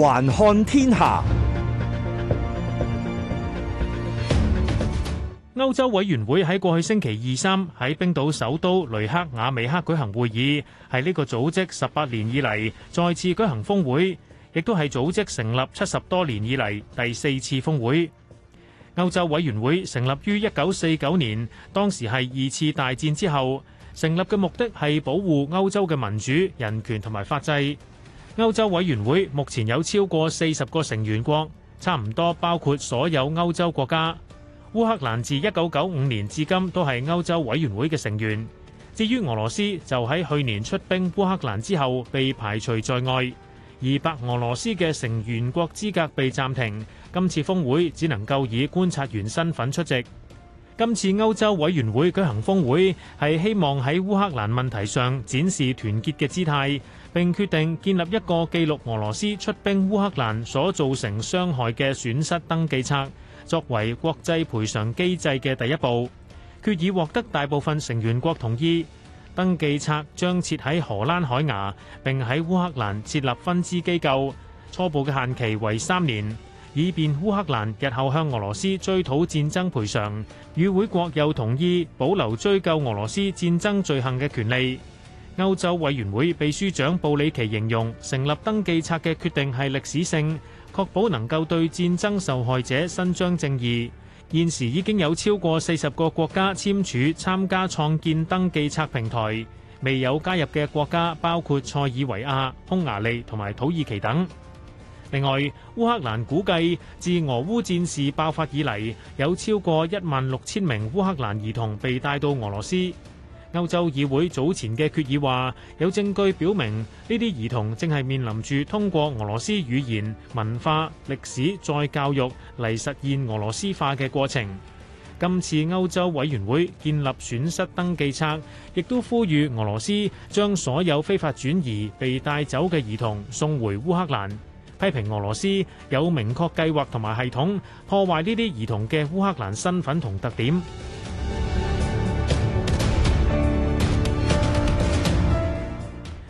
環看天下，歐洲委員會喺過去星期二、三喺冰島首都雷克雅未克舉行會議，係呢個組織十八年以嚟再次舉行峰會，亦都係組織成立七十多年以嚟第四次峰會。歐洲委員會成立於一九四九年，當時係二次大戰之後，成立嘅目的係保護歐洲嘅民主、人權同埋法制。歐洲委員會目前有超過四十個成員國，差唔多包括所有歐洲國家。烏克蘭自一九九五年至今都係歐洲委員會嘅成員。至於俄羅斯，就喺去年出兵烏克蘭之後被排除在外，而白俄羅斯嘅成員國資格被暫停，今次峰會只能夠以觀察員身份出席。今次歐洲委員會舉行峰會，係希望喺烏克蘭問題上展示團結嘅姿態，並決定建立一個記錄俄羅斯出兵烏克蘭所造成傷害嘅損失登記冊，作為國際賠償機制嘅第一步。決議獲得大部分成員國同意，登記冊將設喺荷蘭海牙，並喺烏克蘭設立分支機構，初步嘅限期為三年。以便烏克蘭日後向俄羅斯追討戰爭賠償，與會國又同意保留追究俄羅斯戰爭罪行嘅權利。歐洲委員會秘書長布里奇形容成立登記冊嘅決定係歷史性，確保能夠對戰爭受害者伸張正義，現時已經有超過四十個國家簽署參加創建登記冊平台，未有加入嘅國家包括塞爾維亞、匈牙利、同埋土耳其等。另外，烏克蘭估計自俄烏戰事爆發以嚟，有超過一萬六千名烏克蘭兒童被帶到俄羅斯。歐洲議會早前嘅決議話，有證據表明呢啲兒童正係面臨住通過俄羅斯語言、文化、歷史再教育嚟實現俄羅斯化嘅過程。今次歐洲委員會建立損失登記冊，亦都呼籲俄羅斯將所有非法轉移被帶走嘅兒童送回烏克蘭。批評俄羅斯有明確計劃同埋系統破壞呢啲兒童嘅烏克蘭身份同特點。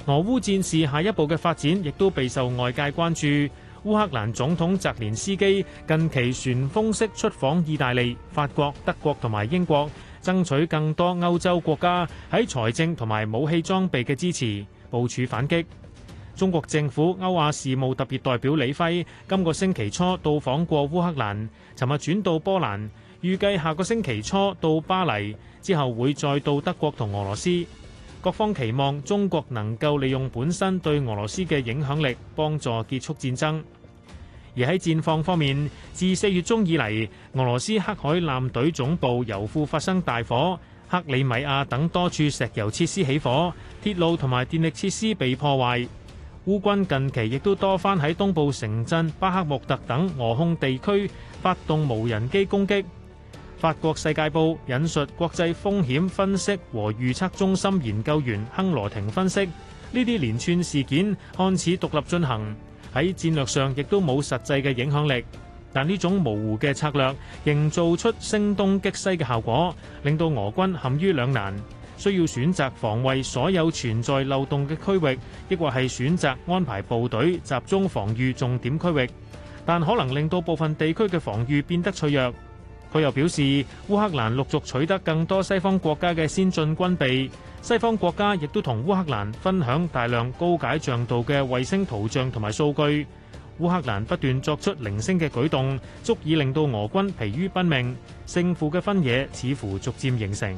俄烏戰事下一步嘅發展亦都備受外界關注。烏克蘭總統澤連斯基近期旋風式出訪意大利、法國、德國同埋英國，爭取更多歐洲國家喺財政同埋武器裝備嘅支持，部署反擊。中國政府歐亞事務特別代表李輝今個星期初到訪過烏克蘭，尋日轉到波蘭，預計下個星期初到巴黎，之後會再到德國同俄羅斯。各方期望中國能夠利用本身對俄羅斯嘅影響力，幫助結束戰爭。而喺戰況方面，自四月中以嚟，俄羅斯黑海艦隊總部油庫發生大火，克里米亞等多處石油設施起火，鐵路同埋電力設施被破壞。烏軍近期亦都多番喺東部城鎮巴克穆特等俄控地區發動無人機攻擊。法國《世界報》引述國際風險分析和預測中心研究員亨羅廷分析，呢啲連串事件看似獨立進行，喺戰略上亦都冇實際嘅影響力。但呢種模糊嘅策略，營造出聲東擊西嘅效果，令到俄軍陷於兩難。需要選擇防衛所有存在漏洞嘅區域，亦或係選擇安排部隊集中防禦重點區域，但可能令到部分地區嘅防禦變得脆弱。佢又表示，烏克蘭陸續取得更多西方國家嘅先進軍備，西方國家亦都同烏克蘭分享大量高解像度嘅衛星圖像同埋數據。烏克蘭不斷作出零星嘅舉動，足以令到俄軍疲於奔命，勝負嘅分野似乎逐漸形成。